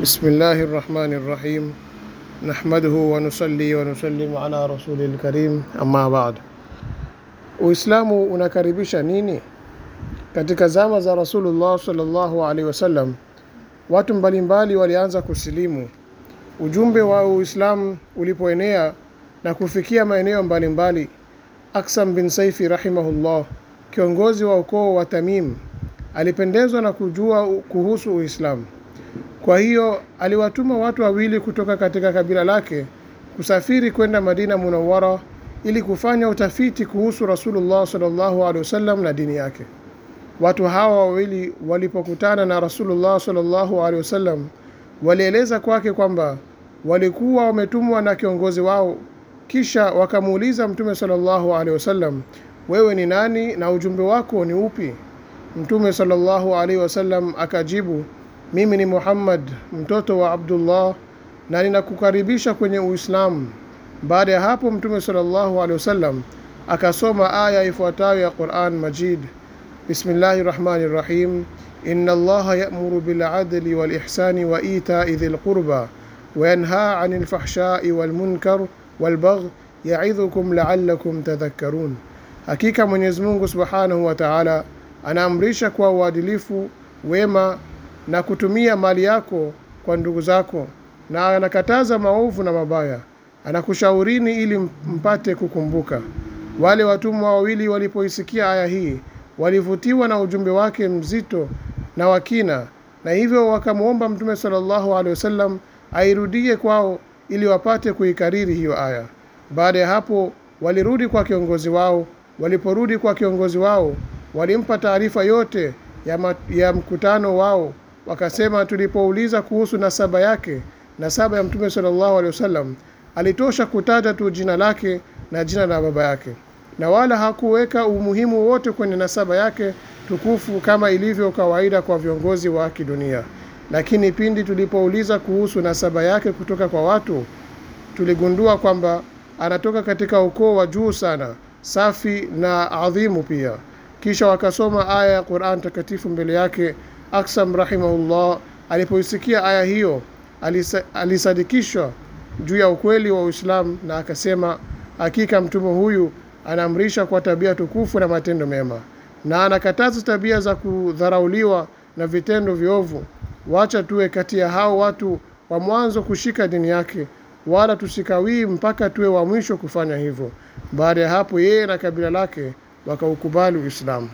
Bismillahi rahmani rahim nahmaduhu wa nusalli wa nusallimu ala rasulil karim amma baad. Uislamu unakaribisha nini? Katika zama za Rasulullah sallallahu alaihi wasallam, watu mbalimbali walianza kusilimu. Ujumbe wa Uislamu ulipoenea na kufikia maeneo mbalimbali, Aksam bin Saifi rahimahullah, kiongozi wa ukoo wa Tamim, alipendezwa na kujua kuhusu Uislamu. Kwa hiyo aliwatuma watu wawili kutoka katika kabila lake kusafiri kwenda Madina Munawwara ili kufanya utafiti kuhusu Rasulullah sallallahu alaihi wasallam na dini yake. Watu hawa wawili walipokutana na Rasulullah sallallahu alaihi wasallam walieleza kwake kwamba walikuwa wametumwa na kiongozi wao, kisha wakamuuliza Mtume sallallahu alaihi wasallam, wewe ni nani na ujumbe wako ni upi? Mtume sallallahu alaihi wasallam akajibu mimi ni Muhammad mtoto wa Abdullah na ninakukaribisha kwenye Uislamu. Baada ya hapo Mtume sallallahu alaihi wasallam akasoma aya ifuatayo ya Quran Majid, bismillahi rahmani rahim, inna allaha yamuru biladli walihsani wa itai dhil qurba wayanha ani lfahshai walmunkar walbagh yaidhukum laalakum tadhakkarun, hakika Mwenyezi Mungu subhanahu wa taala anaamrisha kwa uadilifu, wema na kutumia mali yako kwa ndugu zako, na anakataza maovu na mabaya. Anakushaurini ili mpate kukumbuka. Wale watumwa wawili walipoisikia aya hii walivutiwa na ujumbe wake mzito na wakina, na hivyo wakamwomba Mtume sallallahu alaihi wasallam airudie kwao ili wapate kuikariri hiyo aya. Baada ya hapo walirudi kwa kiongozi wao. Waliporudi kwa kiongozi wao walimpa taarifa yote ya, ya mkutano wao Wakasema, tulipouliza kuhusu nasaba yake, nasaba ya Mtume sallallahu alaihi wasallam, alitosha kutaja tu jina lake na jina la baba yake, na wala hakuweka umuhimu wote kwenye nasaba yake tukufu kama ilivyo kawaida kwa viongozi wa kidunia. Lakini pindi tulipouliza kuhusu nasaba yake kutoka kwa watu, tuligundua kwamba anatoka katika ukoo wa juu sana, safi na adhimu pia. Kisha wakasoma aya ya Qur'an takatifu mbele yake Aksam rahimahullah alipoisikia aya hiyo alisadikishwa juu ya ukweli wa Uislamu na akasema, hakika mtume huyu anaamrisha kwa tabia tukufu na matendo mema na anakataza tabia za kudharauliwa na vitendo viovu. Wacha tuwe kati ya hao watu wa mwanzo kushika dini yake, wala tusikawii mpaka tuwe wa mwisho kufanya hivyo. Baada ya hapo, yeye na kabila lake wakaukubali Uislamu.